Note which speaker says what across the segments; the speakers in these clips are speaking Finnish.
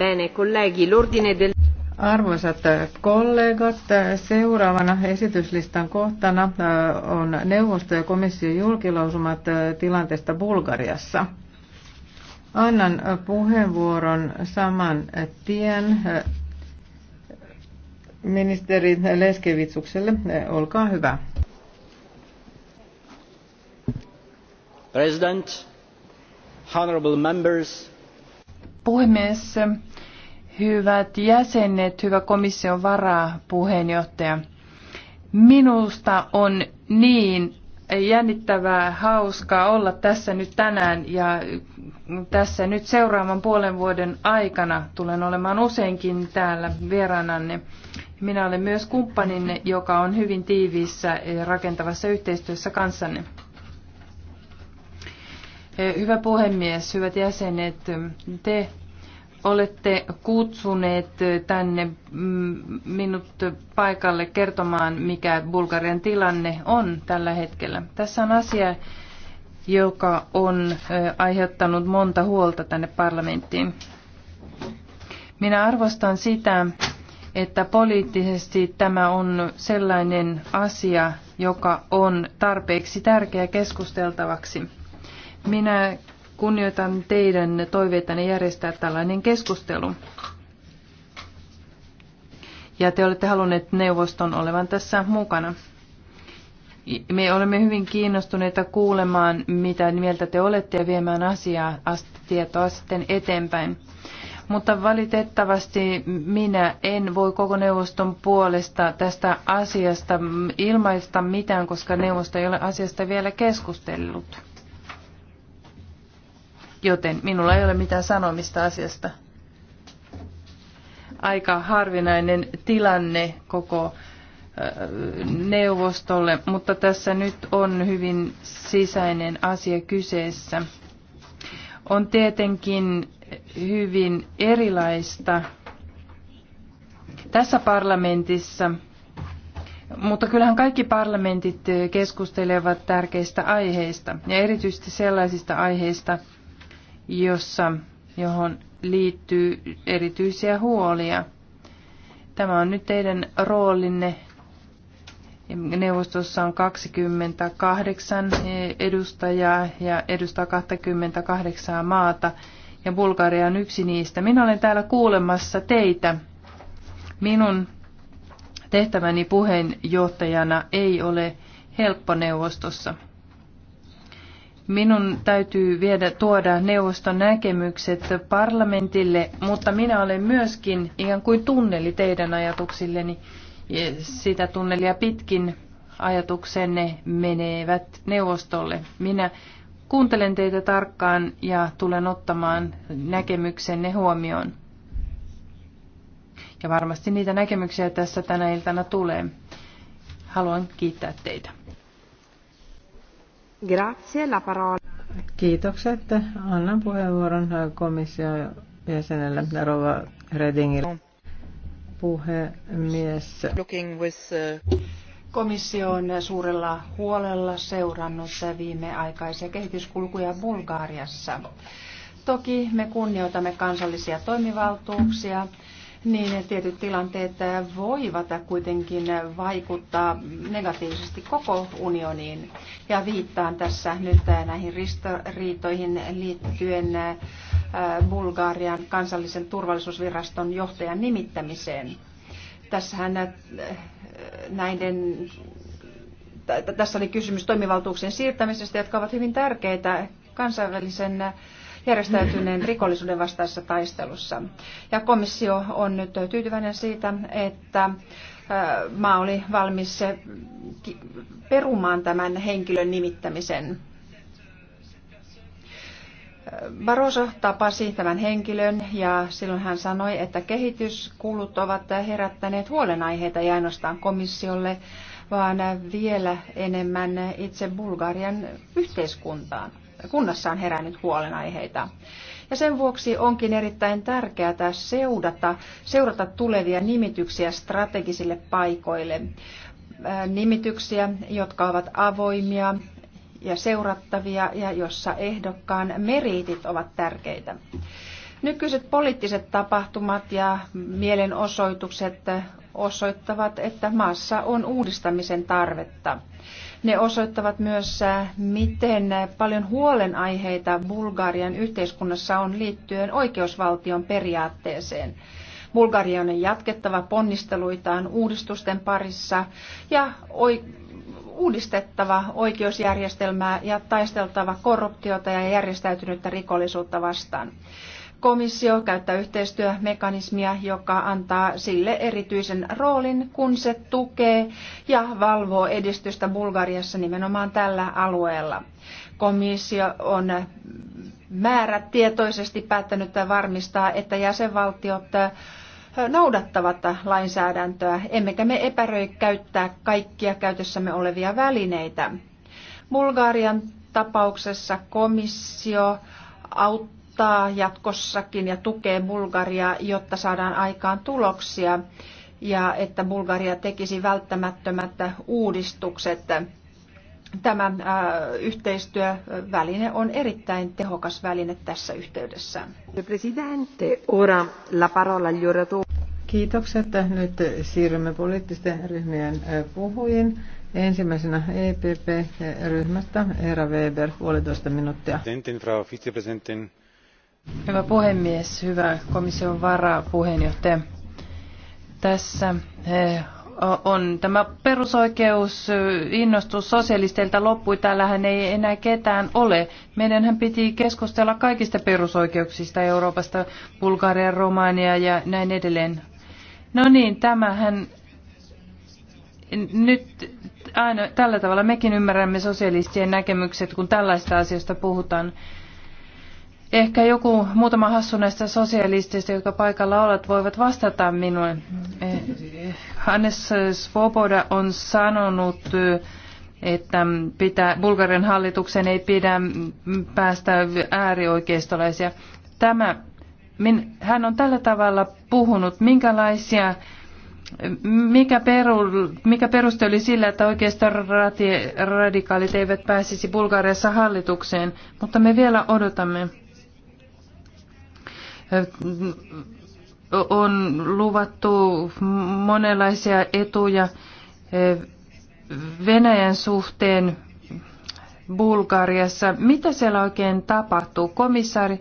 Speaker 1: Bene, colleghi, l'ordine del... Arvoisat eh, kollegat, eh, seuraavana esityslistan kohtana eh, on neuvosto- ja komission julkilausumat tilanteesta Bulgariassa. Annan puheenvuoron saman tien ministeri Leskevitsukselle. Olkaa hyvä. President, honorable members,
Speaker 2: puhemies, hyvät jäsenet, hyvä komission varapuheenjohtaja. Minusta on niin jännittävää, hauskaa olla tässä nyt tänään ja tässä nyt seuraavan puolen vuoden aikana tulen olemaan useinkin täällä vieraananne. Minä olen myös kumppaninne, joka on hyvin tiiviissä ja rakentavassa yhteistyössä kanssanne. Hyvä puhemies, hyvät jäsenet, te olette kutsuneet tänne mm, minut paikalle kertomaan, mikä Bulgarian tilanne on tällä hetkellä. Tässä on asia, joka on aiheuttanut monta huolta tänne parlamenttiin. Minä arvostan sitä, että poliittisesti tämä on sellainen asia, joka on tarpeeksi tärkeä keskusteltavaksi. Minä kunnioitan teidän toiveitanne järjestää tällainen keskustelu. Ja te olette halunneet neuvoston olevan tässä mukana. Me olemme hyvin kiinnostuneita kuulemaan, mitä mieltä te olette ja viemään asiaa, tietoa sitten eteenpäin. Mutta valitettavasti minä en voi koko neuvoston puolesta tästä asiasta ilmaista mitään, koska neuvosto ei ole asiasta vielä keskustellut joten minulla ei ole mitään sanomista asiasta. Aika harvinainen tilanne koko neuvostolle, mutta tässä nyt on hyvin sisäinen asia kyseessä. On tietenkin hyvin erilaista tässä parlamentissa, mutta kyllähän kaikki parlamentit keskustelevat tärkeistä aiheista ja erityisesti sellaisista aiheista, jossa, johon liittyy erityisiä huolia. Tämä on nyt teidän roolinne. Neuvostossa on 28 edustajaa ja edustaa 28 maata ja Bulgaria on yksi niistä. Minä olen täällä kuulemassa teitä. Minun tehtäväni puheenjohtajana ei ole helppo neuvostossa. Minun täytyy viedä tuoda neuvoston näkemykset parlamentille, mutta minä olen myöskin ikään kuin tunneli teidän ajatuksilleni. Sitä tunnelia pitkin ajatuksenne menevät neuvostolle. Minä kuuntelen teitä tarkkaan ja tulen ottamaan näkemyksenne huomioon. Ja varmasti niitä näkemyksiä tässä tänä iltana tulee. Haluan kiittää teitä.
Speaker 1: Kiitokset. Annan puheenvuoron komission jäsenelle Rova Redingille. Puhemies.
Speaker 3: Uh, Komissio on suurella huolella seurannut viimeaikaisia kehityskulkuja Bulgaariassa. Toki me kunnioitamme kansallisia toimivaltuuksia niin tietyt tilanteet voivat kuitenkin vaikuttaa negatiivisesti koko unioniin. Ja viittaan tässä nyt näihin ristoriitoihin liittyen äh, Bulgarian kansallisen turvallisuusviraston johtajan nimittämiseen. Tässähän äh, näiden tässä oli kysymys toimivaltuuksien siirtämisestä, jotka ovat hyvin tärkeitä kansainvälisen äh, järjestäytyneen rikollisuuden vastaisessa taistelussa. Ja komissio on nyt tyytyväinen siitä, että maa oli valmis perumaan tämän henkilön nimittämisen Barroso tapasi tämän henkilön ja silloin hän sanoi, että kehityskulut ovat herättäneet huolenaiheita ja ainoastaan komissiolle, vaan vielä enemmän itse Bulgarian yhteiskuntaan kunnassa on herännyt huolenaiheita. Ja sen vuoksi onkin erittäin tärkeää seurata, seurata tulevia nimityksiä strategisille paikoille. Nimityksiä, jotka ovat avoimia ja seurattavia ja jossa ehdokkaan meriitit ovat tärkeitä. Nykyiset poliittiset tapahtumat ja mielenosoitukset osoittavat, että maassa on uudistamisen tarvetta. Ne osoittavat myös, äh, miten paljon huolenaiheita Bulgarian yhteiskunnassa on liittyen oikeusvaltion periaatteeseen. Bulgarian on jatkettava ponnisteluitaan uudistusten parissa ja uudistettava oikeusjärjestelmää ja taisteltava korruptiota ja järjestäytynyttä rikollisuutta vastaan komissio käyttää yhteistyömekanismia, joka antaa sille erityisen roolin, kun se tukee ja valvoo edistystä Bulgariassa nimenomaan tällä alueella. Komissio on tietoisesti päättänyt varmistaa, että jäsenvaltiot noudattavat lainsäädäntöä, emmekä me epäröi käyttää kaikkia käytössämme olevia välineitä. Bulgarian tapauksessa komissio auttaa auttaa jatkossakin ja tukee Bulgariaa, jotta saadaan aikaan tuloksia ja että Bulgaria tekisi välttämättömät uudistukset. Tämä äh, yhteistyöväline on erittäin tehokas väline tässä yhteydessä.
Speaker 1: Presidente, ora la parola agli oratori. Kiitokset. Nyt siirrymme poliittisten ryhmien äh, puhujiin. Ensimmäisenä EPP-ryhmästä Eera Weber, puolitoista minuuttia.
Speaker 2: Hyvä puhemies, hyvä komission varapuheenjohtaja. Tässä eh, on tämä perusoikeus, innostus sosialisteilta loppui, täällähän ei enää ketään ole. Meidänhän piti keskustella kaikista perusoikeuksista Euroopasta, Bulgaria, Romania ja näin edelleen. No niin, tämähän nyt aina tällä tavalla mekin ymmärrämme sosialistien näkemykset, kun tällaista asioista puhutaan. Ehkä joku, muutama hassu näistä sosialisteista, jotka paikalla ovat, voivat vastata minulle. Hannes Svoboda on sanonut, että pitää, Bulgarian hallituksen ei pidä päästä äärioikeistolaisia. Tämä, min, hän on tällä tavalla puhunut, minkälaisia mikä, peru, mikä peruste oli sillä, että oikeastaan radikaalit eivät pääsisi Bulgariassa hallitukseen, mutta me vielä odotamme on luvattu monenlaisia etuja e, Venäjän suhteen Bulgariassa. Mitä siellä oikein tapahtuu? Komissaari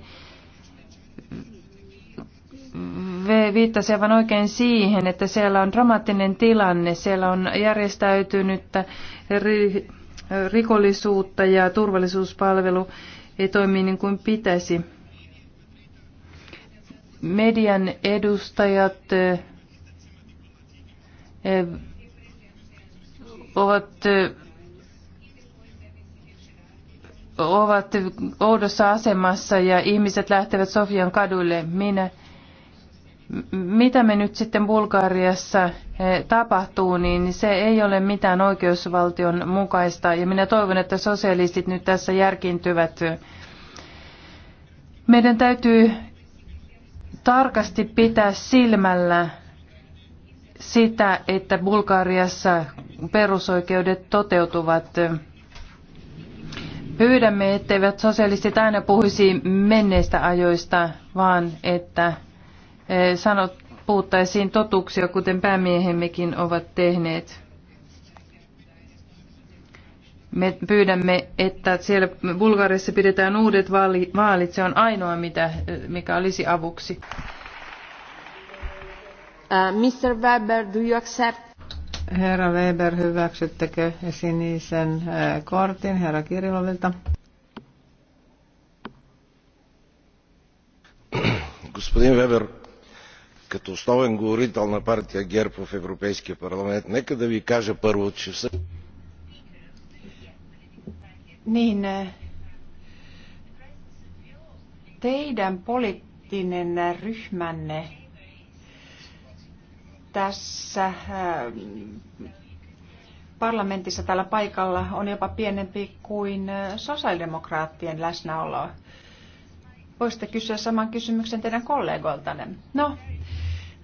Speaker 2: viittasi aivan oikein siihen, että siellä on dramaattinen tilanne, siellä on järjestäytynyttä rikollisuutta ja turvallisuuspalvelu ei toimi niin kuin pitäisi median edustajat ovat, ovat oudossa asemassa ja ihmiset lähtevät Sofian kadulle. Minä, mitä me nyt sitten Bulgariassa tapahtuu, niin se ei ole mitään oikeusvaltion mukaista. Ja minä toivon, että sosialistit nyt tässä järkintyvät. Meidän täytyy tarkasti pitää silmällä sitä, että Bulgariassa perusoikeudet toteutuvat. Pyydämme, etteivät sosialistit aina puhuisi menneistä ajoista, vaan että eh, sanot, puhuttaisiin totuuksia, kuten päämiehemmekin ovat tehneet. Me pyydämme, että siellä Bulgariassa pidetään uudet vaalit. Se on ainoa, mitä, mikä olisi avuksi. Uh, Mr.
Speaker 1: Weber, do you accept? Herra Weber, hyväksyttekö sinisen uh, kortin herra Kirilovilta? Господин Вебер, като основен говорител на партия ГЕРБ в Европейския парламент, нека да ви кажа първо, че всъщност
Speaker 3: niin eh, teidän poliittinen ryhmänne tässä eh, parlamentissa tällä paikalla on jopa pienempi kuin eh, sosiaalidemokraattien läsnäolo. Voisitte kysyä saman kysymyksen teidän kollegoltanne. No,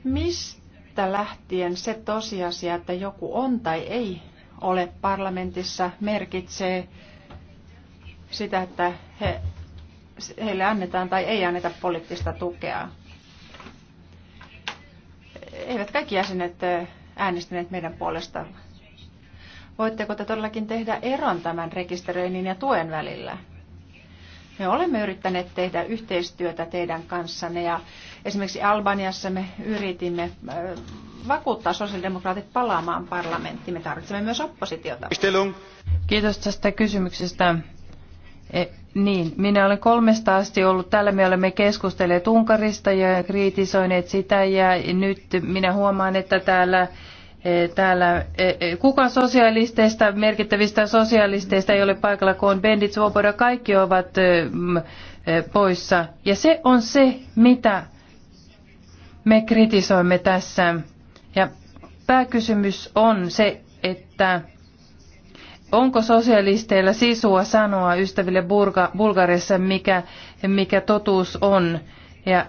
Speaker 3: mistä lähtien se tosiasia, että joku on tai ei ole parlamentissa, merkitsee sitä, että he, heille annetaan tai ei anneta poliittista tukea. Eivät kaikki jäsenet äänestäneet meidän puolesta. Voitteko te todellakin tehdä eron tämän rekisteröinnin ja tuen välillä? Me olemme yrittäneet tehdä yhteistyötä teidän kanssanne ja esimerkiksi Albaniassa me yritimme vakuuttaa sosiaalidemokraatit palaamaan parlamenttiin. Me tarvitsemme myös oppositiota.
Speaker 2: Kiitos tästä kysymyksestä. E, niin, minä olen kolmesta asti ollut täällä. Me olemme keskustelleet Unkarista ja kritisoineet sitä ja nyt minä huomaan, että täällä e, täällä e, kuka sosialisteista, merkittävistä sosialisteista ei ole paikalla, kun Bendit Svoboda, kaikki ovat poissa. Ja se on se, mitä me kritisoimme tässä. Ja pääkysymys on se, että Onko sosialisteilla sisua sanoa ystäville Burga, Bulgarissa, mikä, mikä totuus on ja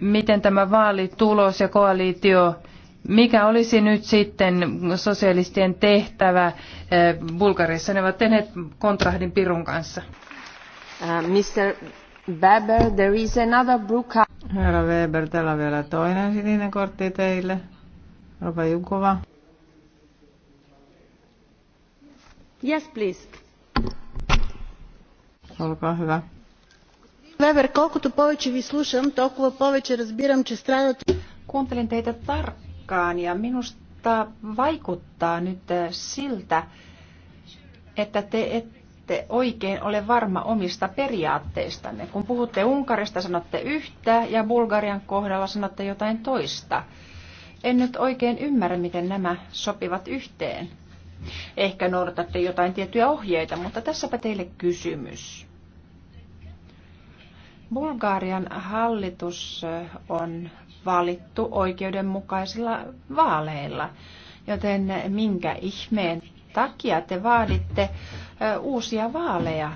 Speaker 2: miten tämä vaalitulos ja koalitio, mikä olisi nyt sitten sosialistien tehtävä eh, Bulgarissa? Ne ovat tehneet kontrahdin Pirun kanssa. Uh, Mr. Weber, there
Speaker 3: is another
Speaker 1: Herra Weber, täällä on vielä toinen sininen kortti teille. Rova Jukova. Yes, please. Olkaa hyvä. Weber, колкото повече ви слушам, толкова повече разбирам, че страдат... Kuuntelin teitä tarkkaan
Speaker 3: ja minusta vaikuttaa nyt eh, siltä, että te ette oikein ole varma omista periaatteistanne. Kun puhutte Unkarista, sanotte yhtä ja Bulgarian kohdalla sanotte jotain toista. En nyt oikein ymmärrä, miten nämä sopivat yhteen. Ehkä noudatatte jotain tiettyjä ohjeita, mutta tässäpä teille kysymys. Bulgarian hallitus on valittu oikeudenmukaisilla vaaleilla, joten minkä ihmeen takia te vaaditte uusia vaaleja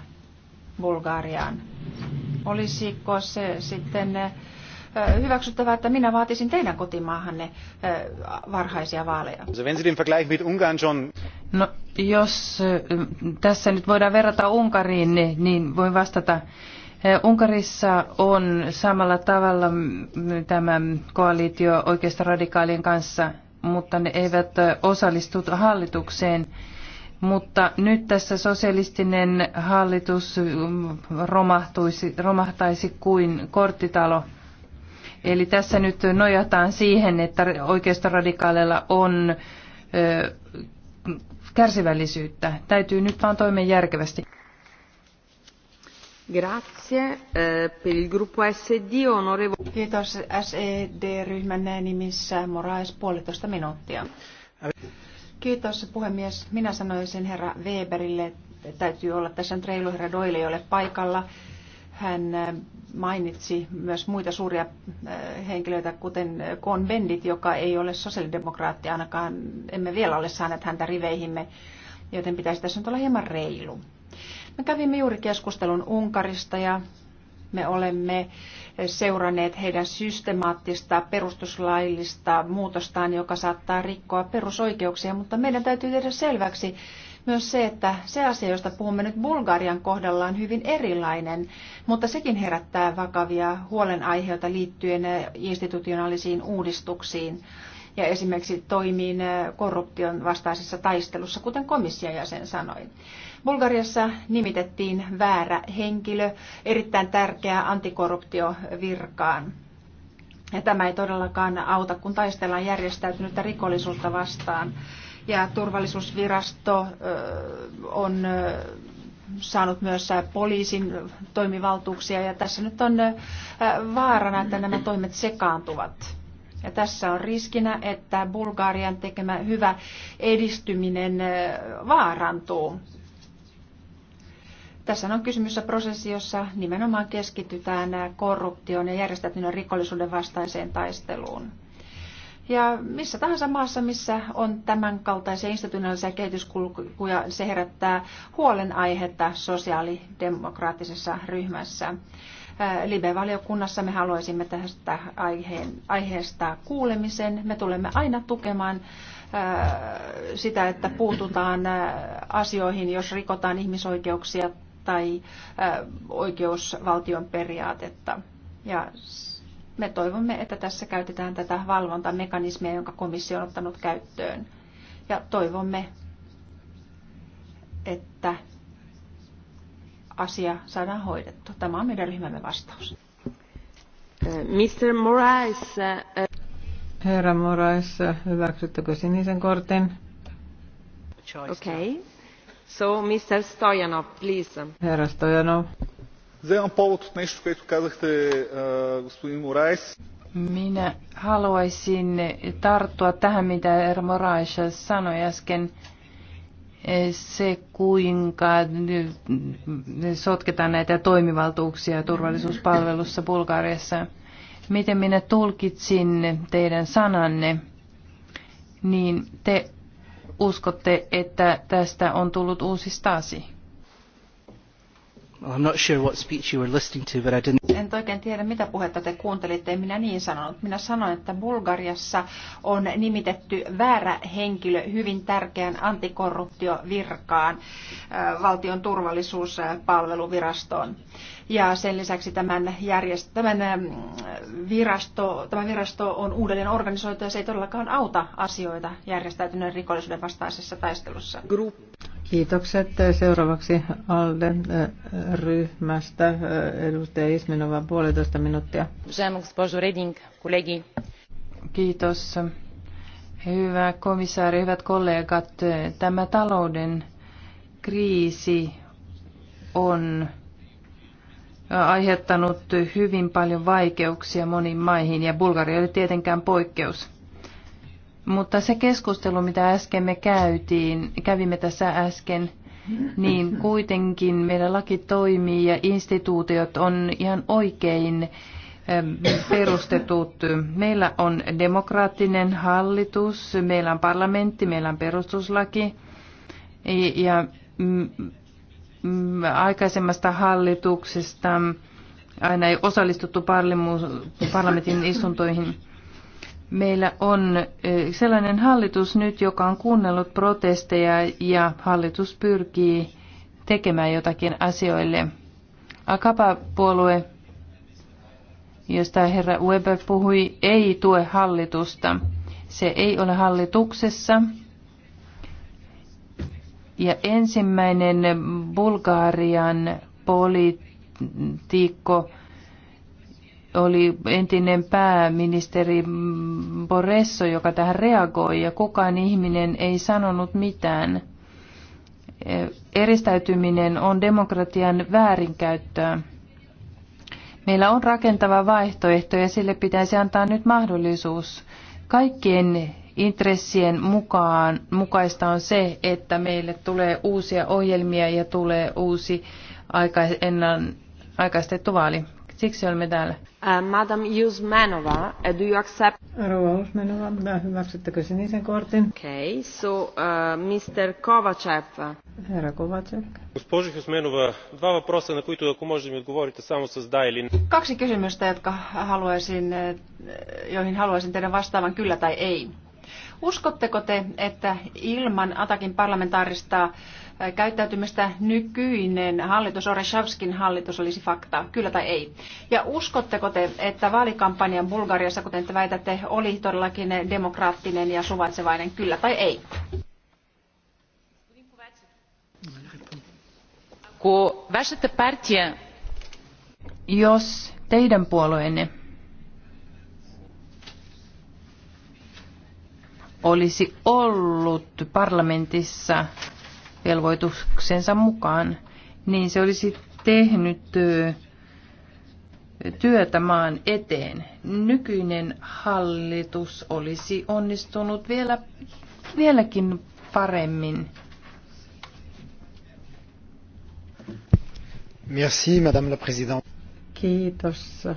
Speaker 3: Bulgariaan? Olisiko se sitten hyväksyttävää, että minä vaatisin teidän kotimaahanne varhaisia vaaleja?
Speaker 2: No, jos tässä nyt voidaan verrata Unkariin, niin, niin voin vastata. Unkarissa on samalla tavalla tämä koalitio radikaalien kanssa, mutta ne eivät osallistu hallitukseen. Mutta nyt tässä sosialistinen hallitus romahtuisi, romahtaisi kuin korttitalo. Eli tässä nyt nojataan siihen, että oikeistoradikaaleilla on kärsivällisyyttä. Täytyy nyt vaan toimia järkevästi.
Speaker 1: Grazie. Eh, per il gruppo
Speaker 3: SD, onorevole... Kiitos SED-ryhmän nimissä Moraes puolitoista minuuttia. Kiitos puhemies. Minä sanoisin herra Weberille, että täytyy olla tässä nyt reilu herra Doyle, ei ole paikalla hän äh, mainitsi myös muita suuria äh, henkilöitä, kuten Kohn Bendit, joka ei ole sosiaalidemokraatti, ainakaan emme vielä ole saaneet häntä riveihimme, joten pitäisi tässä nyt olla hieman reilu. Me kävimme juuri keskustelun Unkarista ja me olemme seuranneet heidän systemaattista perustuslaillista muutostaan, joka saattaa rikkoa perusoikeuksia, mutta meidän täytyy tehdä selväksi, myös se, että se asia, josta puhumme nyt Bulgarian kohdalla, on hyvin erilainen, mutta sekin herättää vakavia huolenaiheita liittyen eh, institutionaalisiin uudistuksiin ja esimerkiksi toimiin eh, korruption vastaisessa taistelussa, kuten komission jäsen sanoi. Bulgariassa nimitettiin väärä henkilö erittäin tärkeää antikorruptiovirkaan. Ja tämä ei todellakaan auta, kun taistellaan järjestäytynyttä rikollisuutta vastaan ja turvallisuusvirasto on saanut myös poliisin toimivaltuuksia ja tässä nyt on vaarana, että nämä toimet sekaantuvat. Ja tässä on riskinä, että Bulgarian tekemä hyvä edistyminen vaarantuu. Tässä on kysymys prosessi, jossa nimenomaan keskitytään korruptioon ja järjestäytyneen rikollisuuden vastaiseen taisteluun. Ja missä tahansa maassa, missä on tämän kaltaisia institutionaalisia kehityskulkuja, se herättää huolenaihetta sosiaalidemokraattisessa ryhmässä. Äh, Libe-valiokunnassa me haluaisimme tästä aiheen, aiheesta kuulemisen. Me tulemme aina tukemaan äh, sitä, että puututaan äh, asioihin, jos rikotaan ihmisoikeuksia tai oikeusvaltion periaatetta. Ja me toivomme, että tässä käytetään tätä valvontamekanismia, jonka komissio on ottanut käyttöön. Ja toivomme, että asia saadaan hoidettua. Tämä on meidän ryhmämme vastaus.
Speaker 1: Mr. Moraes. Eh, eh. Herra Moraes, hyväksyttekö sinisen kortin? Okei. Okay. So, Mr. Stojanov, please. Herra Stojanov. Вземам повод от нещо, което казахте, господин Морайс.
Speaker 2: Minä haluaisin tarttua tähän, mitä Herra Moraes sanoi äsken. Se, kuinka sotketaan näitä toimivaltuuksia turvallisuuspalvelussa Bulgariassa. Miten minä tulkitsin teidän sananne, niin te uskotte, että tästä on tullut uusi stasi.
Speaker 1: I'm not sure what speech you were listening to, but I didn't...
Speaker 3: En oikein tiedä, mitä puhetta te kuuntelitte, en minä niin sanonut. Minä sanoin, että Bulgariassa on nimitetty väärä henkilö hyvin tärkeän antikorruptiovirkaan valtion turvallisuuspalveluvirastoon. Ja sen lisäksi tämän, järjest- tämän, virasto, tämä virasto on uudelleen organisoitu ja se ei todellakaan auta asioita järjestäytyneen rikollisuuden vastaisessa taistelussa.
Speaker 1: Group. Kiitokset. Seuraavaksi ALDE-ryhmästä äh, äh, edustaja Isminova puolitoista minuuttia.
Speaker 2: Kiitos. Hyvä komissaari, hyvät kollegat. Tämä talouden kriisi on aiheuttanut hyvin paljon vaikeuksia moniin maihin ja Bulgaria oli tietenkään poikkeus. Mutta se keskustelu, mitä äsken me käytiin, kävimme tässä äsken, niin kuitenkin meidän laki toimii ja instituutiot on ihan oikein perustetut. Meillä on demokraattinen hallitus, meillä on parlamentti, meillä on perustuslaki ja aikaisemmasta hallituksesta aina ei osallistuttu parlamentin istuntoihin. Meillä on sellainen hallitus nyt, joka on kuunnellut protesteja ja hallitus pyrkii tekemään jotakin asioille. Akapa-puolue, josta herra Weber puhui, ei tue hallitusta. Se ei ole hallituksessa. Ja ensimmäinen Bulgarian poliitikko oli entinen pääministeri Boresso, joka tähän reagoi, ja kukaan ihminen ei sanonut mitään. Eristäytyminen on demokratian väärinkäyttöä. Meillä on rakentava vaihtoehto ja sille pitäisi antaa nyt mahdollisuus. Kaikkien intressien mukaan, mukaista on se, että meille tulee uusia ohjelmia ja tulee uusi aika, ennan, aikaistettu vaali. Siksi olemme täällä.
Speaker 3: Uh, Madam Yusmanova, uh, do you accept?
Speaker 1: Rouva Yusmanova, hyväksyttekö sinisen kortin? Okay, so uh, Mr. Kovacev. Herra Kovacev. Госпожо Хюсменова, два въпроса, на които ако да ми отговорите само с да или Kaksi kysymystä,
Speaker 3: jotka haluaisin, eh, joihin haluaisin teidän vastaavan kyllä tai ei. Uskotteko te, että ilman Atakin parlamentaarista käyttäytymistä nykyinen hallitus, Oreshavskin hallitus, olisi faktaa, kyllä tai ei. Ja uskotteko te, että vaalikampanjan Bulgariassa, kuten te väitätte, oli todellakin demokraattinen ja suvaitsevainen, kyllä tai ei?
Speaker 2: Jos teidän puolueenne olisi ollut parlamentissa velvoituksensa mukaan, niin se olisi tehnyt työtä maan eteen. Nykyinen hallitus olisi onnistunut vielä, vieläkin paremmin.
Speaker 1: Merci, Madame la Présidente. Kiitos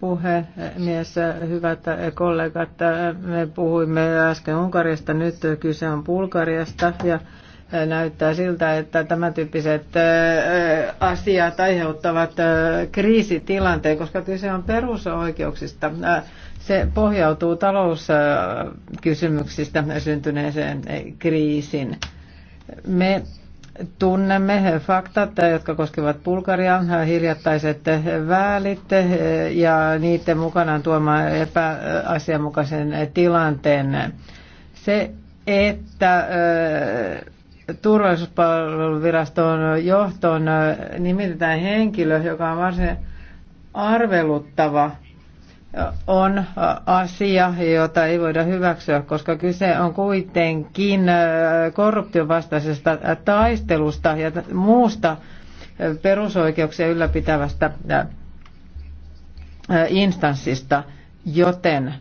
Speaker 1: puhemies, hyvät kollegat. Me puhuimme äsken Unkarista, nyt kyse on Bulgariasta ja näyttää siltä, että tämän tyyppiset asiat aiheuttavat kriisitilanteen, koska kyse on perusoikeuksista. Se pohjautuu talouskysymyksistä syntyneeseen e, kriisin. Me tunnemme faktat, jotka koskevat Bulgarian hirjattaiset väälit ja niiden mukanaan tuoma epäasianmukaisen tilanteen. Se, että turvallisuuspalveluviraston johtoon äh, nimitetään henkilö, joka on varsin arveluttava, äh, on äh, asia, jota ei voida hyväksyä, koska kyse on kuitenkin vastaisesta taistelusta ja muusta perusoikeuksia ylläpitävästä instanssista, joten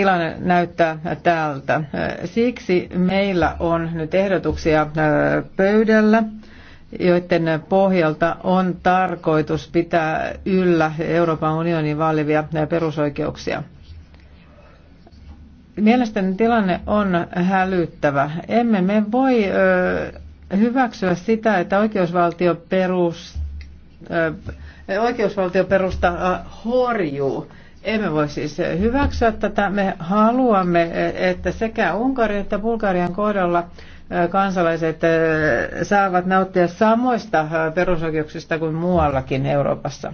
Speaker 1: tilanne näyttää tältä. Siksi meillä on nyt ehdotuksia äh, pöydällä, joiden pohjalta on tarkoitus pitää yllä Euroopan unionin vaalivia perusoikeuksia. Mielestäni tilanne on hälyttävä. Emme me voi äh, hyväksyä sitä, että oikeusvaltio perus, äh, oikeusvaltioperusta horjuu. Emme voi siis hyväksyä tätä. Me haluamme, että sekä Unkarin että Bulgarian kohdalla kansalaiset saavat nauttia samoista perusoikeuksista kuin muuallakin Euroopassa.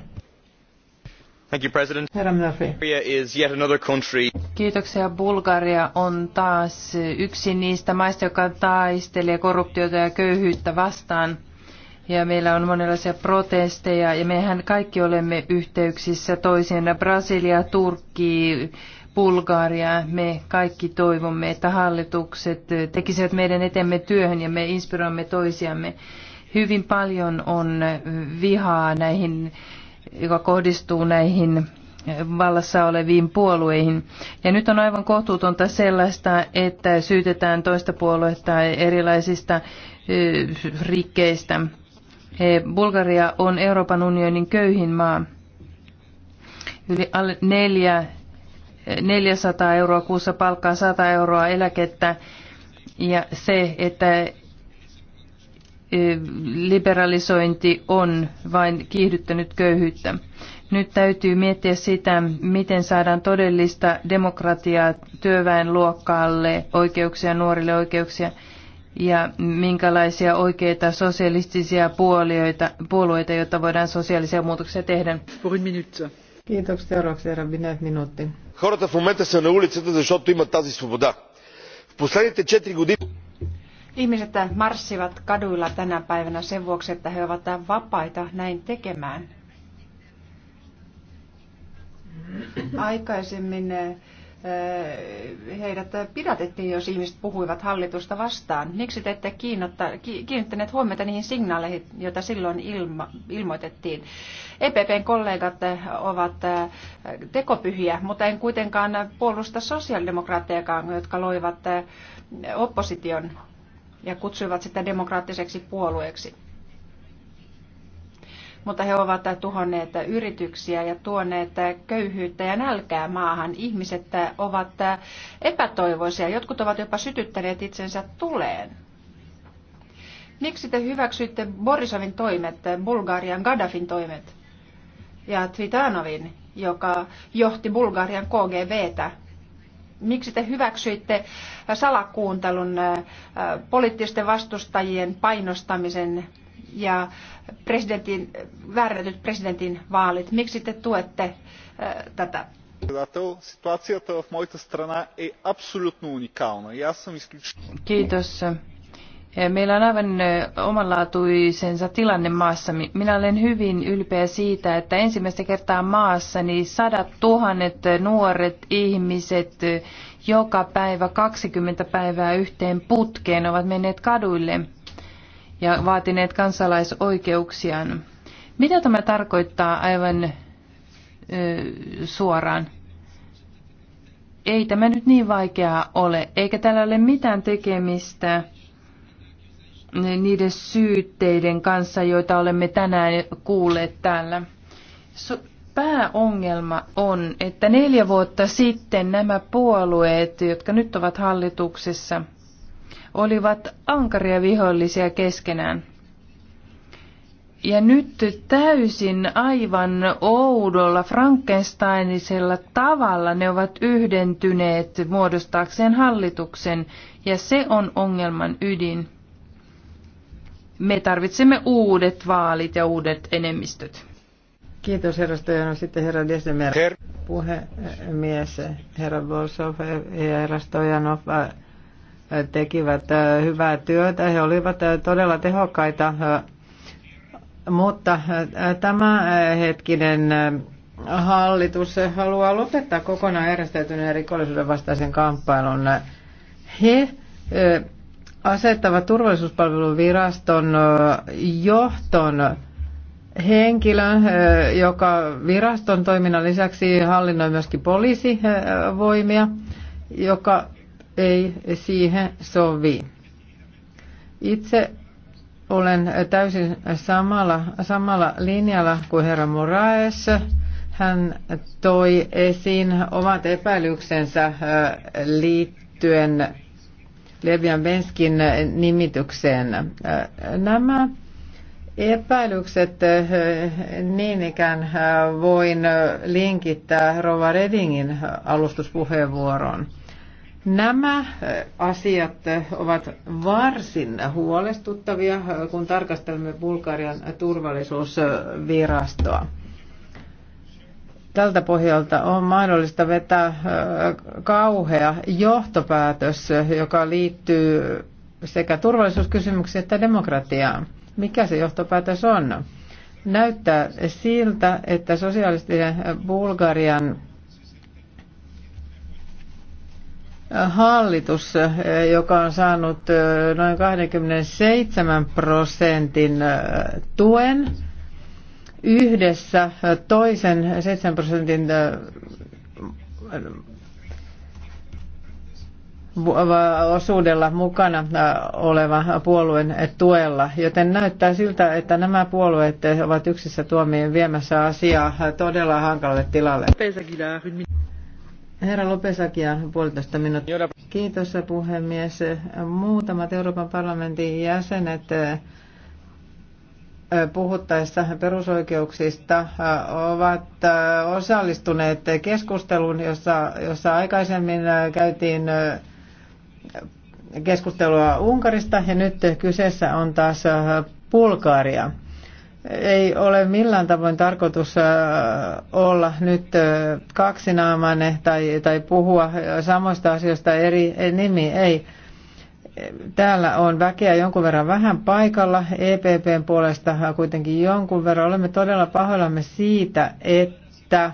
Speaker 1: Thank you, President. Is yet another country.
Speaker 2: Kiitoksia. Bulgaria on taas yksi niistä maista, joka taistelee korruptiota ja köyhyyttä vastaan ja meillä on monenlaisia protesteja ja mehän kaikki olemme yhteyksissä toisiinna Brasilia, Turkki, Bulgaria. Me kaikki toivomme, että hallitukset tekisivät meidän etemme työhön ja me inspiroimme toisiamme. Hyvin paljon on vihaa näihin, joka kohdistuu näihin vallassa oleviin puolueihin. Ja nyt on aivan kohtuutonta sellaista, että syytetään toista puoluetta erilaisista rikkeistä. Bulgaria on Euroopan unionin köyhin maa. Yli alle neljä, 400 euroa kuussa palkkaa, 100 euroa eläkettä. Ja se, että e, liberalisointi on vain kiihdyttänyt köyhyyttä. Nyt täytyy miettiä sitä, miten saadaan todellista demokratiaa työväenluokkaalle, oikeuksia, nuorille oikeuksia ja minkälaisia oikeita sosialistisia puolueita puolueita, jotta voidaan sosiaalisia muutoksia
Speaker 1: tehdä. Kiitoksia. Seuraavaksi herra Binet, minuutti. Хората в момента са на улицата, защото имат тази свобода. В последните 4 години... Ihmiset
Speaker 3: marssivat kaduilla tänä päivänä sen vuoksi, että he ovat vapaita näin tekemään. Aikaisemmin heidät pidätettiin, jos ihmiset puhuivat hallitusta vastaan. Miksi te ette kiinnittäneet huomiota niihin signaaleihin, joita silloin ilma, ilmoitettiin? EPPn kollegat ovat tekopyhiä, mutta en kuitenkaan puolusta sosiaalidemokraattejakaan, jotka loivat opposition ja kutsuivat sitä demokraattiseksi puolueeksi mutta he ovat tuhonneet yrityksiä ja tuoneet köyhyyttä ja nälkää maahan. Ihmiset ovat epätoivoisia, jotkut ovat jopa sytyttäneet itsensä tuleen. Miksi te hyväksyitte Borisovin toimet, Bulgarian Gaddafin toimet ja Tvitanovin, joka johti Bulgarian KGBtä? Miksi te hyväksyitte salakuuntelun, äh, poliittisten vastustajien painostamisen ja presidentin, väärätyt presidentin vaalit. Miksi te tuette äh, tätä? Kiitos. E, meillä
Speaker 2: on aivan e, omanlaatuisensa tilanne maassa. Minä olen hyvin ylpeä siitä, että ensimmäistä kertaa maassa niin sadat tuhannet e, nuoret ihmiset joka päivä 20 päivää yhteen putkeen ovat menneet kaduille ja vaatineet kansalaisoikeuksiaan. Mitä tämä tarkoittaa aivan ö, suoraan? Ei tämä nyt niin vaikeaa ole, eikä täällä ole mitään tekemistä niiden syytteiden kanssa, joita olemme tänään kuulleet täällä. So, pääongelma on, että neljä vuotta sitten nämä puolueet, jotka nyt ovat hallituksessa, olivat ankaria vihollisia keskenään. Ja nyt täysin aivan oudolla frankensteinisella tavalla ne ovat yhdentyneet muodostaakseen hallituksen, ja se on ongelman ydin. Me tarvitsemme uudet vaalit ja uudet enemmistöt.
Speaker 1: Kiitos herrastojana. Sitten herra Desemer, Her- puhemies, herra Bolsov ja herra Stojanov tekivät äh, hyvää työtä. He olivat äh, todella tehokkaita, äh, mutta tämä hetkinen hallitus haluaa lopettaa kokonaan järjestäytyneen rikollisuuden vastaisen kamppailun. He asettavat turvallisuuspalveluviraston johton henkilön, joka viraston toiminnan lisäksi hallinnoi myöskin poliisivoimia, joka ei siihen sovi. Itse olen täysin samalla, samalla linjalla kuin herra Moraes. Hän toi esiin omat epäilyksensä äh, liittyen Levian Benskin nimitykseen. Äh, nämä epäilykset äh, niin ikään voin linkittää Rova Redingin alustuspuheenvuoroon. Nämä äh, asiat äh, ovat varsin huolestuttavia, äh, kun tarkastelemme Bulgarian turvallisuusvirastoa. Tältä pohjalta on mahdollista vetää kauhea johtopäätös, joka liittyy sekä turvallisuuskysymyksiin että demokratiaan. Mikä se johtopäätös on? Näyttää siltä, että sosialistinen Bulgarian hallitus, eh, joka on saanut eh, noin 27 prosentin eh, tuen yhdessä toisen 7 prosentin osuudella mukana oleva puolueen tuella, joten näyttää siltä, että nämä puolueet ovat yksissä tuomien viemässä asiaa todella hankalalle tilalle. Herra Lopesakia, puolitoista minuuttia. Kiitos puhemies. Muutamat Euroopan parlamentin jäsenet puhuttaessa perusoikeuksista ovat osallistuneet keskusteluun, jossa, jossa aikaisemmin käytiin keskustelua Unkarista ja nyt kyseessä on taas Bulgaria ei ole millään tavoin tarkoitus äh, olla nyt äh, kaksinaamainen tai, tai puhua samoista asioista eri nimi, ei. Täällä on väkeä jonkun verran vähän paikalla, EPPn puolesta kuitenkin jonkun verran. Olemme todella pahoillamme siitä, että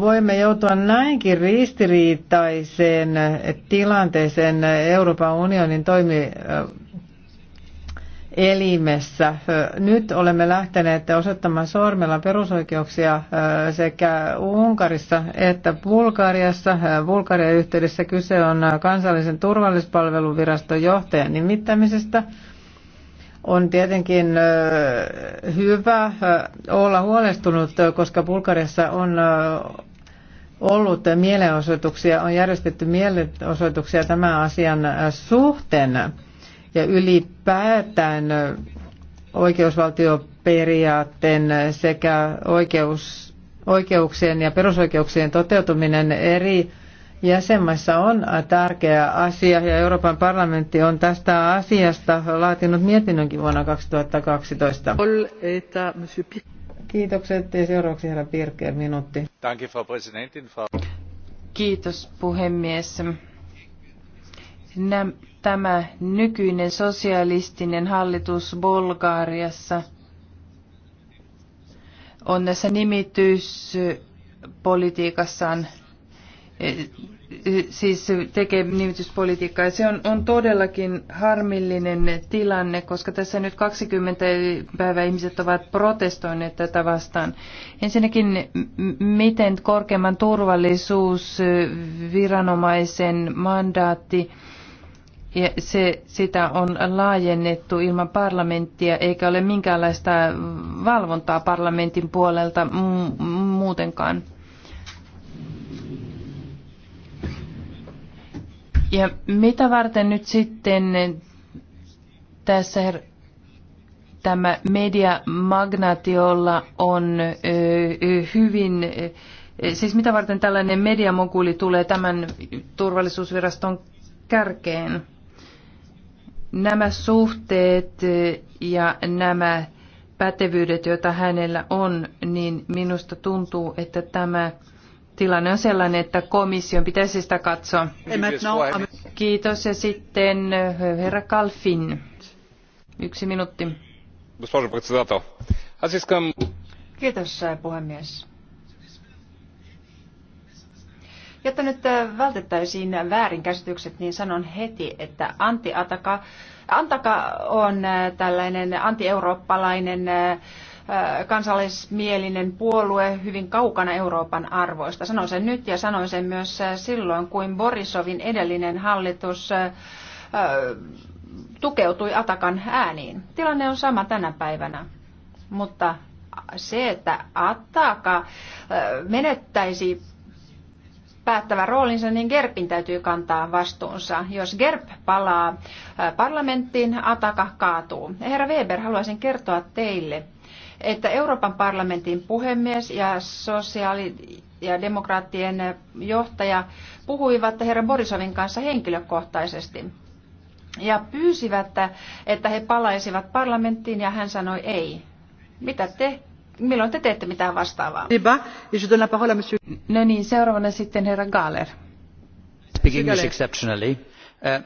Speaker 1: voimme joutua näinkin ristiriitaiseen tilanteeseen Euroopan unionin toimi elimessä. Nyt olemme lähteneet osoittamaan sormella perusoikeuksia sekä Unkarissa että Bulgariassa. Bulgarian yhteydessä kyse on kansallisen turvallispalveluviraston johtajan nimittämisestä. On tietenkin hyvä olla huolestunut, koska Bulgariassa on ollut mielenosoituksia, on järjestetty mielenosoituksia tämän asian suhteen ja ylipäätään oikeusvaltioperiaatteen sekä oikeus, oikeuksien ja perusoikeuksien toteutuminen eri jäsenmaissa on tärkeä asia ja Euroopan parlamentti on tästä asiasta laatinut mietinnönkin vuonna 2012. Kiitokset ja seuraavaksi herra Pirker, minuutti. Kiitos puhemies. Nämä
Speaker 2: tämä nykyinen sosialistinen hallitus Bulgaariassa on tässä nimityspolitiikassaan, eh, siis tekee nimityspolitiikkaa. Se on, on todellakin harmillinen tilanne, koska tässä nyt 20 päivää ihmiset ovat protestoineet tätä vastaan. Ensinnäkin, miten korkeimman turvallisuusviranomaisen mandaatti ja se, sitä on laajennettu ilman parlamenttia, eikä ole minkäänlaista valvontaa parlamentin puolelta muutenkaan. Ja mitä varten nyt sitten tässä tämä magnatiolla on hyvin, siis mitä varten tällainen mediamokuli tulee tämän turvallisuusviraston kärkeen? Nämä suhteet e, ja nämä pätevyydet, joita hänellä on, niin minusta tuntuu, että tämä tilanne on sellainen, että komission pitäisi sitä katsoa. Kiitos ja sitten e, herra Kalfin. Yksi minuutti.
Speaker 3: Kiitos puhemies. Jotta nyt äh, vältettäisiin väärinkäsitykset, niin sanon heti, että Antti Ataka, Antaka on äh, tällainen antieurooppalainen äh, kansallismielinen puolue hyvin kaukana Euroopan arvoista. Sanoin sen nyt ja sanoin sen myös silloin, kuin Borisovin edellinen hallitus tukeutui Atakan ääniin. Tilanne on sama tänä päivänä, mutta se, että Ataka menettäisi päättävä roolinsa, niin GERPin täytyy kantaa vastuunsa. Jos GERP palaa parlamenttiin, Ataka kaatuu. Herra Weber, haluaisin kertoa teille, että Euroopan parlamentin puhemies ja sosiaali- ja demokraattien johtaja puhuivat herra Borisovin kanssa henkilökohtaisesti ja pyysivät, että he palaisivat parlamenttiin ja hän sanoi ei. Mitä te milloin te teette mitään vastaavaa?
Speaker 2: No niin, seuraavana sitten herra Gaaler. Speaking English exceptionally. Uh,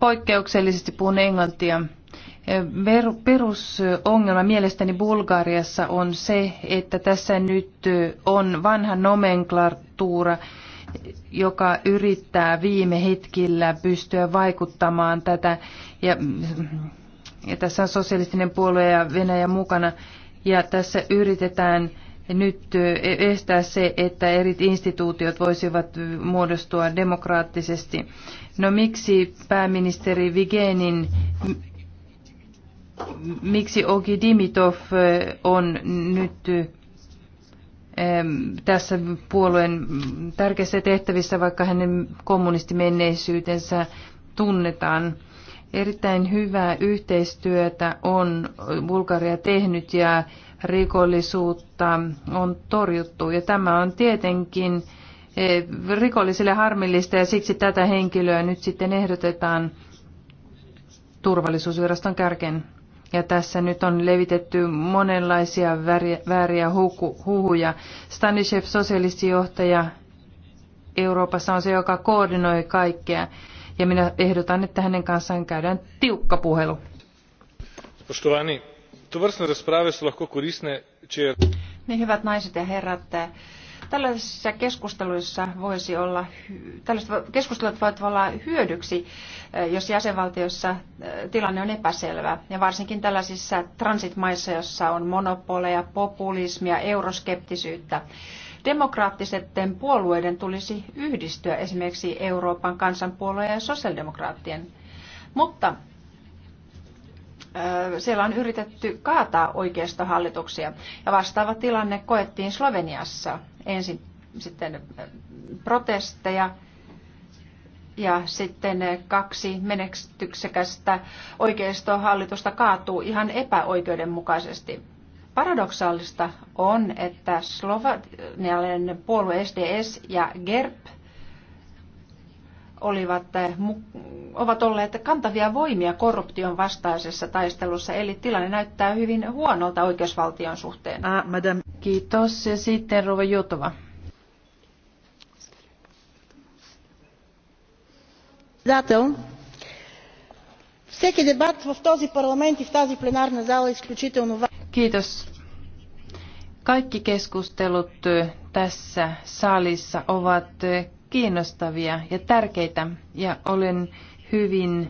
Speaker 2: Poikkeuksellisesti puhun englantia. Perusongelma mielestäni Bulgariassa on se, että tässä nyt on vanha nomenklatuura, joka yrittää viime hetkillä pystyä vaikuttamaan tätä. Ja, ja tässä on sosialistinen puolue ja Venäjä mukana. Ja tässä yritetään nyt estää se, että eri instituutiot voisivat muodostua demokraattisesti. No miksi pääministeri Vigenin, miksi Ogi Dimitov on nyt tässä puolueen tärkeissä tehtävissä, vaikka hänen kommunistimenneisyytensä tunnetaan. Erittäin hyvää yhteistyötä on Bulgaria tehnyt ja rikollisuutta on torjuttu. Ja tämä on tietenkin eh, rikollisille harmillista ja siksi tätä henkilöä nyt sitten ehdotetaan turvallisuusviraston kärken. Ja tässä nyt on levitetty monenlaisia vääriä huhuja. Stanishev, sosialistijohtaja Euroopassa, on se, joka koordinoi kaikkea ja minä ehdotan, että hänen kanssaan
Speaker 3: käydään tiukka
Speaker 2: puhelu.
Speaker 1: Spoštovani, tovrstne razprave so lahko koristne, če...
Speaker 3: Niin hyvät naiset ja herrat, tällaisissa keskusteluissa voisi olla, tällaiset keskustelut voivat olla hyödyksi, eh, jos jäsenvaltiossa eh, tilanne on epäselvä. Ja varsinkin tällaisissa transitmaissa, jossa on monopoleja, populismia, euroskeptisyyttä demokraattisten puolueiden tulisi yhdistyä esimerkiksi Euroopan kansanpuolueen ja sosiaalidemokraattien. Mutta siellä on yritetty kaataa oikeistohallituksia ja vastaava tilanne koettiin Sloveniassa. Ensin sitten protesteja ja sitten kaksi menestyksekästä oikeistohallitusta kaatuu ihan epäoikeudenmukaisesti. Paradoksaalista on, että slovenialainen puolue SDS ja GERP olivat, eh, ovat olleet kantavia voimia korruption vastaisessa taistelussa, eli tilanne näyttää hyvin huonolta oikeusvaltion suhteen. Ah, madame. Kiitos. Ja sitten Rova Jutova.
Speaker 1: Всеки дебат в този парламент и в тази пленарна зала е изключително Kiitos.
Speaker 2: Kaikki keskustelut tässä salissa ovat kiinnostavia ja tärkeitä ja olen hyvin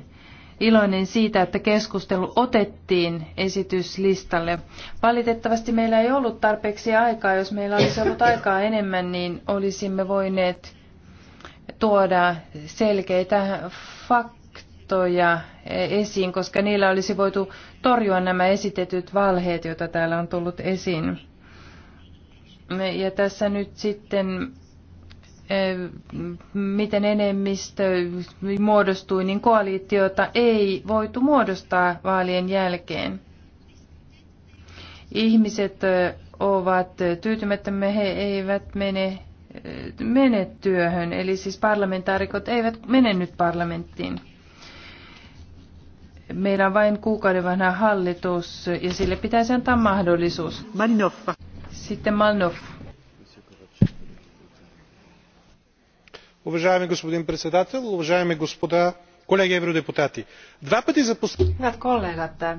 Speaker 2: iloinen siitä, että keskustelu otettiin esityslistalle. Valitettavasti meillä ei ollut tarpeeksi aikaa. Jos meillä olisi ollut aikaa enemmän, niin olisimme voineet tuoda selkeitä fak- faktoja eh, esiin, koska niillä olisi voitu torjua nämä esitetyt valheet, joita täällä on tullut esiin. Ja tässä nyt sitten eh, miten enemmistö muodostui, niin koalitiota ei voitu muodostaa vaalien jälkeen. Ihmiset eh, ovat tyytymättömiä, he eivät mene, mene työhön, eli siis parlamentaarikot eivät mene nyt parlamenttiin. Meillä on vain kuukauden vanha hallitus ja sille pitäisi antaa mahdollisuus. Malnov. Sitten Malnov. Уважаеми господин председател, уважаеми господа колеги евродепутати. Два пъти за
Speaker 3: Hyvät kollegat,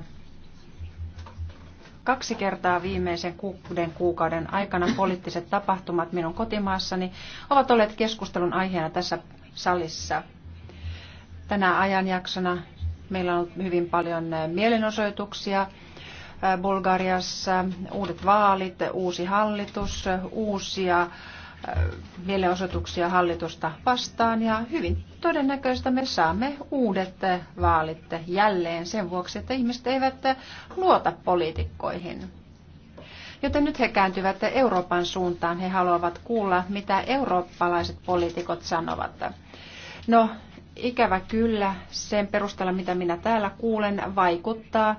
Speaker 3: kaksi kertaa viimeisen kuuden kuukauden aikana poliittiset tapahtumat minun kotimaassani ovat olleet keskustelun aiheena tässä salissa. Tänä ajanjaksona Meillä on ollut hyvin paljon eh, mielenosoituksia eh, Bulgariassa, uudet vaalit, uusi hallitus, uusia eh, mielenosoituksia hallitusta vastaan ja hyvin todennäköistä me saamme uudet vaalit jälleen sen vuoksi, että ihmiset eivät luota poliitikkoihin. Joten nyt he kääntyvät Euroopan suuntaan. He haluavat kuulla, mitä eurooppalaiset poliitikot sanovat. No, ikävä kyllä sen perusteella, mitä minä täällä kuulen, vaikuttaa,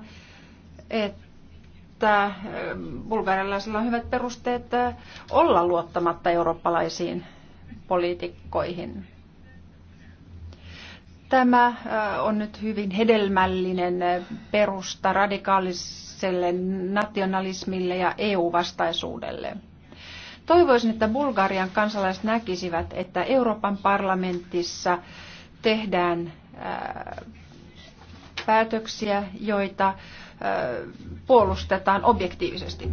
Speaker 3: että eh, bulgarialaisilla on hyvät perusteet eh, olla luottamatta eurooppalaisiin poliitikkoihin. Tämä eh, on nyt hyvin hedelmällinen perusta radikaaliselle nationalismille ja EU-vastaisuudelle. Toivoisin, että Bulgarian kansalaiset näkisivät, että Euroopan parlamentissa tehdään äh, päätöksiä, joita äh, puolustetaan objektiivisesti.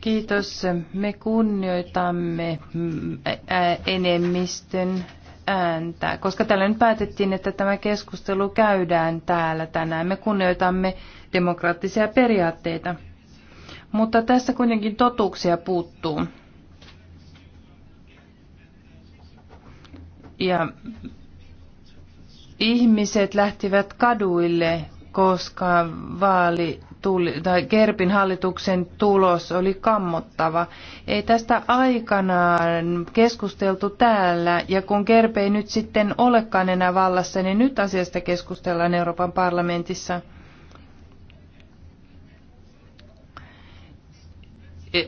Speaker 2: Kiitos. Me kunnioitamme mm, enemmistön ääntä, koska täällä nyt päätettiin, että tämä keskustelu käydään täällä tänään. Me kunnioitamme demokraattisia periaatteita. Mutta tässä kuitenkin totuuksia puuttuu. ja ihmiset lähtivät kaduille, koska vaali tuli, tai Kerpin hallituksen tulos oli kammottava. Ei tästä aikanaan keskusteltu täällä, ja kun Kerpe ei nyt sitten olekaan enää vallassa, niin nyt asiasta keskustellaan Euroopan parlamentissa.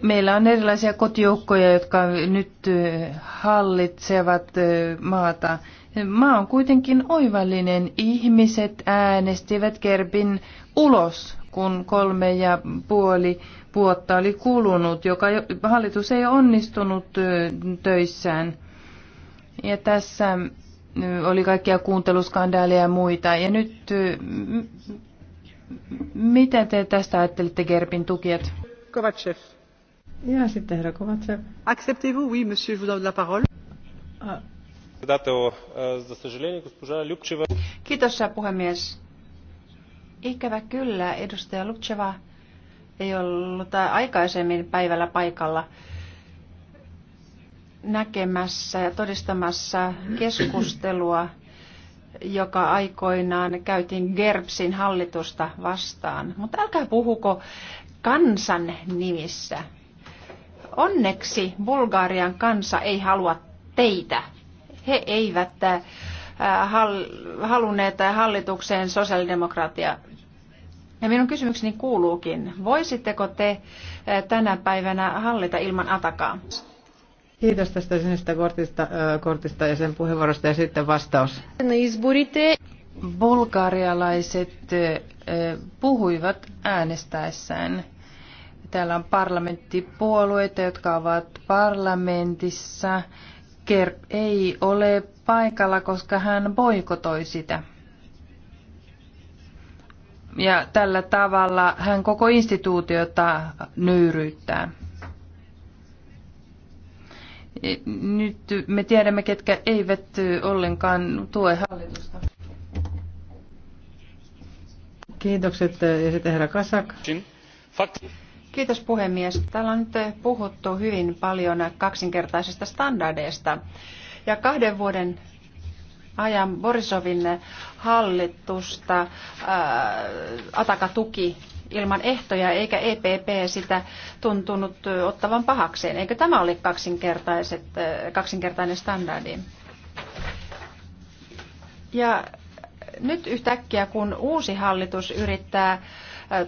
Speaker 2: Meillä on erilaisia kotijoukkoja, jotka nyt hallitsevat maata. Maa on kuitenkin oivallinen. Ihmiset äänestivät Kerbin ulos, kun kolme ja puoli vuotta oli kulunut, joka hallitus ei onnistunut töissään. Ja tässä oli kaikkia kuunteluskandaaleja ja muita. Ja nyt, miten te tästä ajattelitte Gerbin tukijat?
Speaker 3: Kovacev. Ja sitten herra Kovatsev. Acceptez-vous, oui, monsieur, je vous donne la parole. Kiitos, puhemies. Ikävä kyllä, edustaja Lukcheva ei ollut aikaisemmin päivällä paikalla näkemässä ja todistamassa keskustelua, joka aikoinaan käytiin Gerbsin hallitusta vastaan. Mutta älkää puhuko kansan nimissä. Onneksi Bulgarian kansa ei halua teitä. He eivät äh, halunneet hallitukseen sosiaalidemokratia. Ja minun kysymykseni kuuluukin, voisitteko te äh, tänä päivänä hallita ilman atakaa?
Speaker 1: Kiitos tästä sinistä kortista, äh, kortista ja sen puheenvuorosta ja sitten vastaus.
Speaker 3: Bulgarialaiset
Speaker 2: puhuivat äänestäessään Täällä on parlamenttipuolueita, jotka ovat parlamentissa. ker ei ole paikalla, koska hän boikotoi sitä. Ja tällä tavalla hän koko instituutiota nöyryyttää. Nyt me tiedämme, ketkä eivät ollenkaan tue hallitusta.
Speaker 1: Kiitokset ja sitten herra Kasak. Fakti.
Speaker 3: Kiitos puhemies. Täällä on nyt puhuttu hyvin paljon kaksinkertaisista standardeista. Ja kahden vuoden ajan Borisovin hallitusta ää, äh, Ataka tuki ilman ehtoja, eikä EPP sitä tuntunut ottavan pahakseen. Eikö tämä ole kaksinkertaiset, äh, kaksinkertainen standardi? Ja nyt yhtäkkiä, kun uusi hallitus yrittää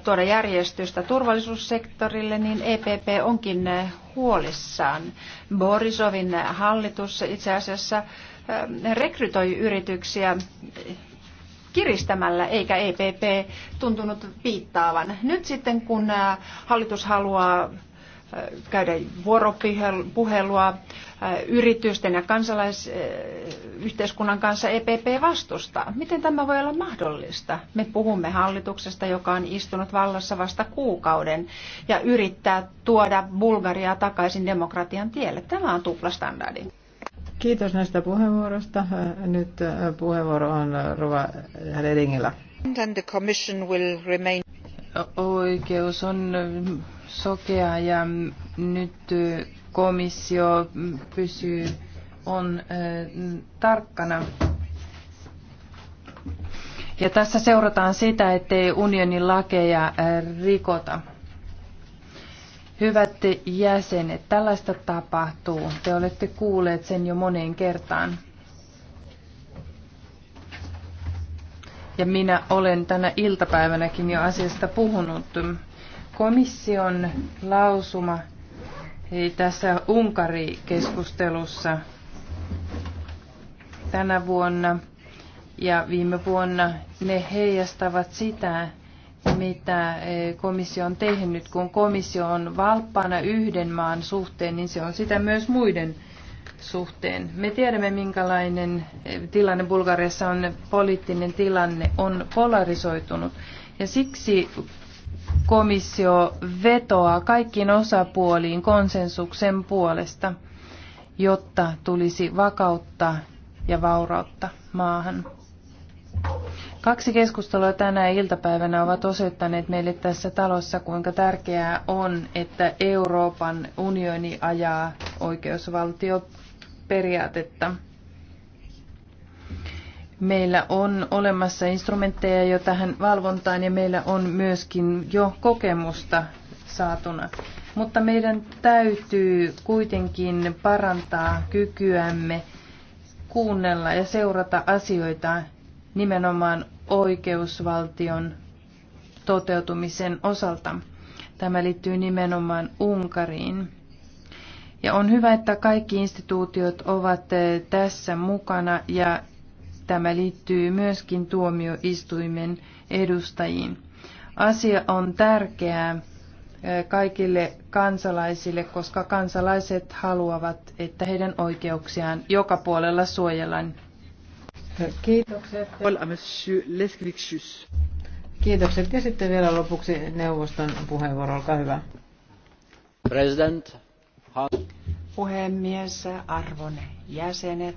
Speaker 3: tuoda järjestystä turvallisuussektorille, niin EPP onkin huolissaan. Borisovin hallitus itse asiassa rekrytoi yrityksiä kiristämällä, eikä EPP tuntunut piittaavan. Nyt sitten kun hallitus haluaa Äh, käydä vuoropuhelua äh, yritysten ja kansalaisyhteiskunnan äh, kanssa EPP vastustaa. Miten tämä voi olla mahdollista? Me puhumme hallituksesta, joka on istunut vallassa vasta kuukauden ja yrittää tuoda Bulgariaa takaisin demokratian tielle. Tämä on tuplastandardi.
Speaker 1: Kiitos näistä puheenvuorosta. Nyt puheenvuoro on Rova Redingillä.
Speaker 2: Oikeus on sokea ja nyt komissio pysyy, on tarkkana. Ja tässä seurataan sitä, ettei unionin lakeja rikota. Hyvät jäsenet, tällaista tapahtuu. Te olette kuulleet sen jo moneen kertaan. Ja minä olen tänä iltapäivänäkin jo asiasta puhunut. Komission lausuma tässä Unkari-keskustelussa tänä vuonna ja viime vuonna ne heijastavat sitä, mitä eh, komissio on tehnyt. Kun komissio on valppaana yhden maan suhteen, niin se on sitä myös muiden suhteen. Me tiedämme, minkälainen eh, tilanne Bulgariassa on, poliittinen tilanne on polarisoitunut. Ja siksi komissio vetoaa kaikkiin osapuoliin konsensuksen puolesta, jotta tulisi vakautta ja vaurautta maahan. Kaksi keskustelua tänä iltapäivänä ovat osoittaneet meille tässä talossa, kuinka tärkeää on, että Euroopan unioni ajaa oikeusvaltioperiaatetta. Meillä on olemassa instrumentteja jo tähän valvontaan ja meillä on myöskin jo kokemusta saatuna. Mutta meidän täytyy kuitenkin parantaa kykyämme kuunnella ja seurata asioita nimenomaan oikeusvaltion toteutumisen osalta. Tämä liittyy nimenomaan Unkariin. Ja on hyvä, että kaikki instituutiot ovat tässä mukana ja Tämä liittyy myöskin tuomioistuimen edustajiin. Asia on tärkeää kaikille kansalaisille, koska kansalaiset haluavat, että heidän oikeuksiaan joka
Speaker 1: puolella suojellaan. Kiitokset. Kiitokset. Ja sitten vielä lopuksi neuvoston puheenvuoro. Olkaa hyvä. President.
Speaker 3: Puhemies, arvon jäsenet,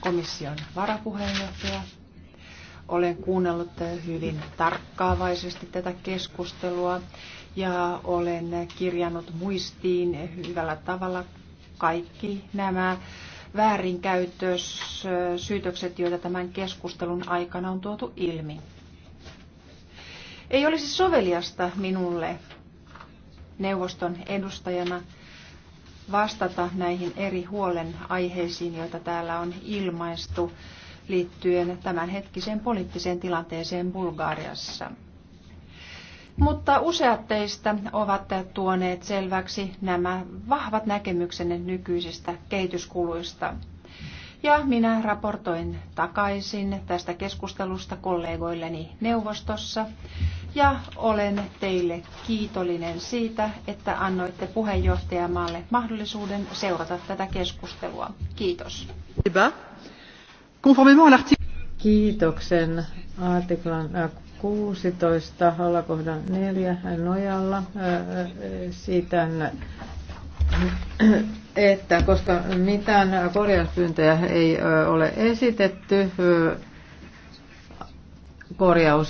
Speaker 3: komission varapuheenjohtaja. Olen kuunnellut hyvin tarkkaavaisesti tätä keskustelua ja olen kirjannut muistiin hyvällä tavalla kaikki nämä väärinkäytössyytökset, joita tämän keskustelun aikana on tuotu ilmi. Ei olisi soveliasta minulle neuvoston edustajana – vastata näihin eri huolenaiheisiin, joita täällä on ilmaistu liittyen tämänhetkiseen poliittiseen tilanteeseen Bulgariassa. Mutta useat teistä ovat tuoneet selväksi nämä vahvat näkemyksenne nykyisistä kehityskuluista. Ja minä raportoin takaisin tästä keskustelusta kollegoilleni neuvostossa ja olen teille kiitollinen siitä, että annoitte puheenjohtajamaalle mahdollisuuden seurata tätä keskustelua. Kiitos.
Speaker 1: Kiitoksen artiklan 16 äh, alakohdan 4 nojalla äh, äh, siitä, että koska mitään korjauspyyntöjä ei ole esitetty, korjaus